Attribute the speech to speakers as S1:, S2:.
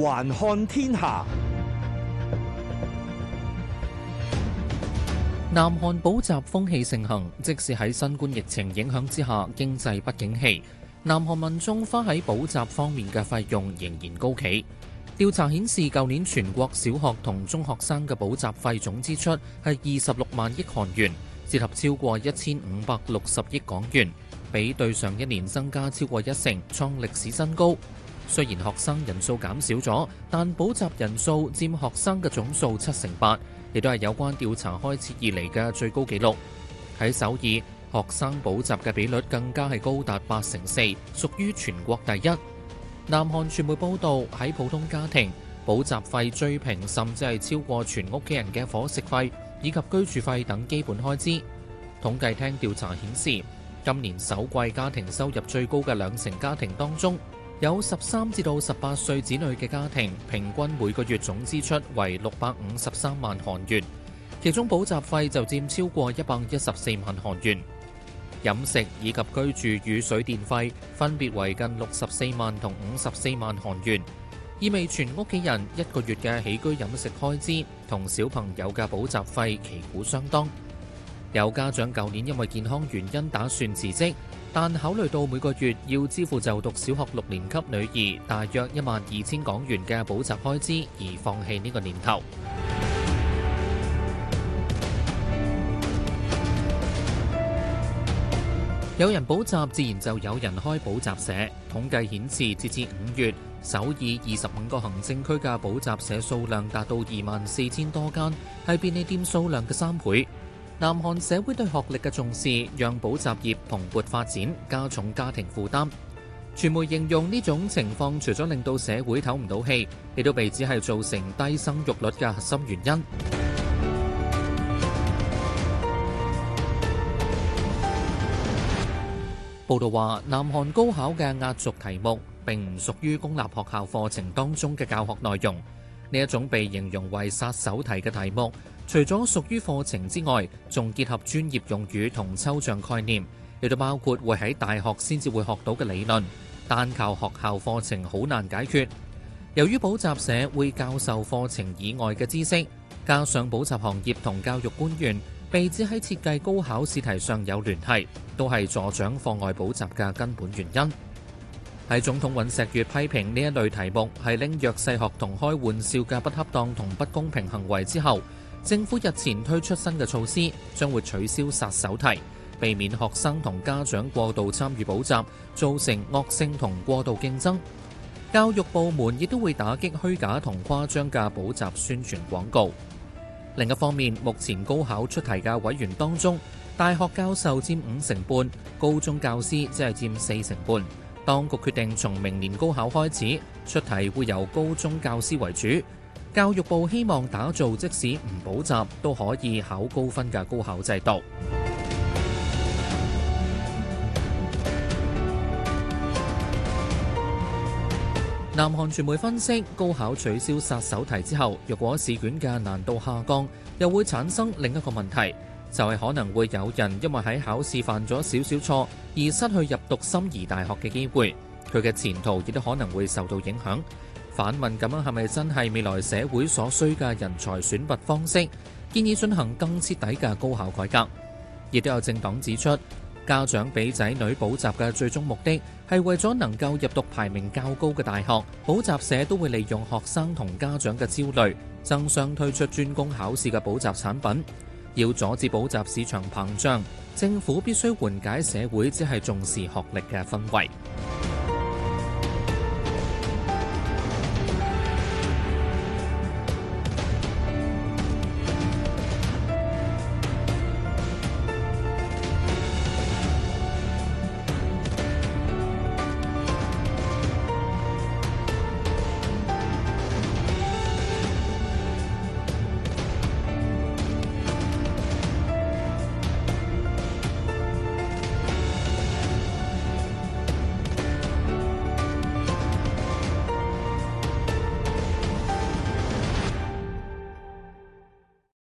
S1: 環看天下。南韓補習風氣盛行，即使喺新冠疫情影響之下，經濟不景氣，南韓民眾花喺補習方面嘅費用仍然高企。調查顯示，舊年全國小學同中學生嘅補習費總支出係二十六萬億韓元，折合超過一千五百六十億港元，比對上一年增加超過一成，創歷史新高。雖然學生人數減少咗，但補習人數佔學生嘅總數七成八，亦都係有關調查開始以嚟嘅最高紀錄。喺首爾，學生補習嘅比率更加係高達八成四，屬於全國第一。南韓傳媒報道，喺普通家庭，補習費最平甚至係超過全屋企人嘅伙食費以及居住費等基本開支。統計廳調查顯示，今年首季家庭收入最高嘅兩成家庭當中。有十三至到十八歲子女嘅家庭，平均每個月總支出為六百五十三萬韓元，其中補習費就佔超過一百一十四萬韓元，飲食以及居住與水電費分別為近六十四萬同五十四萬韓元，意味全屋企人一個月嘅起居飲食開支同小朋友嘅補習費旗鼓相當。有家長舊年因為健康原因打算辭職。但考慮到每個月要支付就讀小學六年級女兒大約一萬二千港元嘅補習開支，而放棄呢個念頭。有人補習，自然就有人開補習社。統計顯示，截至五月，首爾二十五個行政區嘅補習社數量達到二萬四千多間，係便利店數量嘅三倍。南韓社會對學歷嘅重視，讓補習業蓬勃發展，加重家庭負擔。傳媒形容呢種情況，除咗令到社會唞唔到氣，亦都被指係造成低生育率嘅核心原因。報道話，南韓高考嘅壓軸題目，並唔屬於公立學校課程當中嘅教學內容。呢一種被形容為殺手題嘅題目，除咗屬於課程之外，仲結合專業用語同抽象概念，亦都包括會喺大學先至會學到嘅理論，單靠學校課程好難解決。由於補習社會教授課程以外嘅知識，加上補習行業同教育官員被指喺設計高考試題上有聯繫，都係助長課外補習嘅根本原因。喺總統尹錫悅批評呢一類題目係拎弱勢學童開玩笑嘅不恰當同不公平行為之後，政府日前推出新嘅措施，將會取消殺手題，避免學生同家長過度參與補習，造成惡性同過度競爭。教育部門亦都會打擊虛假同誇張嘅補習宣傳廣告。另一方面，目前高考出題嘅委員當中，大學教授佔五成半，高中教師即係佔四成半。當局決定從明年高考開始，出題會由高中教師為主。教育部希望打造即使唔補習都可以考高分嘅高考制度。 南韓傳媒分析，高考取消殺手題之後，若果試卷嘅難度下降，又會產生另一個問題。就係、是、可能會有人因為喺考試犯咗少少錯而失去入讀心儀大學嘅機會，佢嘅前途亦都可能會受到影響。反問咁樣係咪真係未來社會所需嘅人才選拔方式？建議進行更徹底嘅高考改革。亦都有政黨指出，家長俾仔女補習嘅最終目的係為咗能夠入讀排名較高嘅大學，補習社都會利用學生同家長嘅焦慮，爭相推出專攻考試嘅補習產品。要阻止補習市場膨脹，政府必須緩解社會只係重視學歷嘅氛圍。